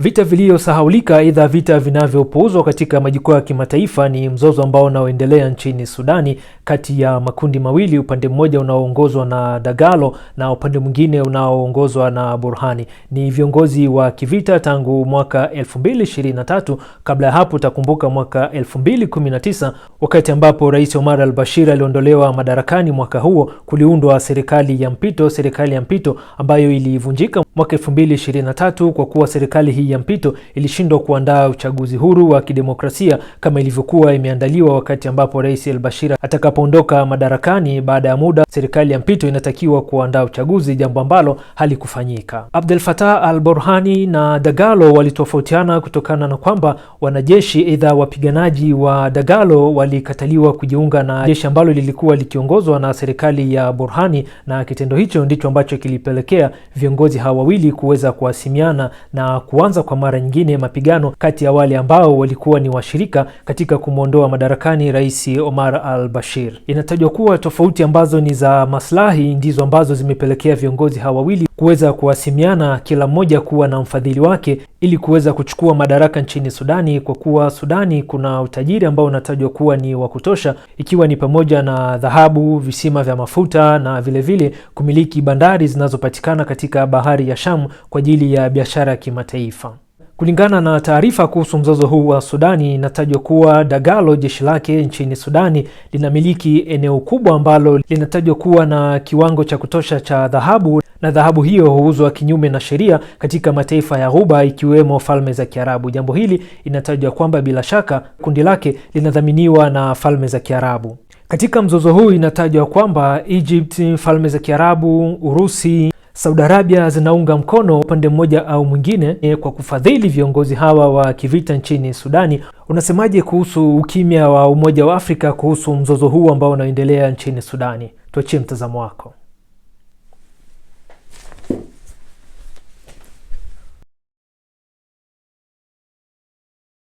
Vita viliyosahaulika aidha vita vinavyopuuzwa katika majukwaa ya kimataifa ni mzozo ambao unaoendelea nchini Sudani kati ya makundi mawili, upande mmoja unaoongozwa na Dagalo na upande mwingine unaoongozwa na Burhani. Ni viongozi wa kivita tangu mwaka 2023. Kabla ya hapo utakumbuka mwaka 2019 wakati ambapo Rais Omar al-Bashir aliondolewa madarakani, mwaka huo kuliundwa serikali ya mpito, serikali ya mpito ambayo ilivunjika mwaka 2023 kwa kuwa serikali hii ya mpito ilishindwa kuandaa uchaguzi huru wa kidemokrasia kama ilivyokuwa imeandaliwa wakati ambapo Rais al-Bashir atakapoondoka madarakani baada ya muda, serikali ya mpito inatakiwa kuandaa uchaguzi, jambo ambalo halikufanyika. Abdel Fattah al-Burhani na Dagalo walitofautiana kutokana na kwamba wanajeshi aidha wapiganaji wa Dagalo walikataliwa kujiunga na jeshi ambalo lilikuwa likiongozwa na serikali ya Burhani, na kitendo hicho ndicho ambacho kilipelekea viongozi hawa wawili kuweza kuhasimiana na kuanza kwa mara nyingine mapigano kati ya wale ambao walikuwa ni washirika katika kumwondoa madarakani Rais Omar al-Bashir. Inatajwa kuwa tofauti ambazo ni za maslahi ndizo ambazo zimepelekea viongozi hawa wawili kuweza kuhasimiana, kila mmoja kuwa na mfadhili wake ili kuweza kuchukua madaraka nchini Sudani, kwa kuwa Sudani kuna utajiri ambao unatajwa kuwa ni wa kutosha, ikiwa ni pamoja na dhahabu, visima vya mafuta na vilevile vile kumiliki bandari zinazopatikana katika bahari ya Shamu kwa ajili ya biashara ya kimataifa. Kulingana na taarifa kuhusu mzozo huu wa Sudani, inatajwa kuwa Dagalo, jeshi lake nchini Sudani, linamiliki eneo kubwa ambalo linatajwa kuwa na kiwango cha kutosha cha dhahabu na dhahabu hiyo huuzwa kinyume na sheria katika mataifa ya Ghuba ikiwemo Falme za Kiarabu. Jambo hili inatajwa kwamba bila shaka kundi lake linadhaminiwa na Falme za Kiarabu. Katika mzozo huu inatajwa kwamba Egypt, Falme za Kiarabu, Urusi, Saudi Arabia zinaunga mkono upande mmoja au mwingine eh, kwa kufadhili viongozi hawa wa kivita nchini Sudani. Unasemaje kuhusu ukimya wa Umoja wa Afrika kuhusu mzozo huu ambao unaendelea nchini Sudani? Tuachie mtazamo wako.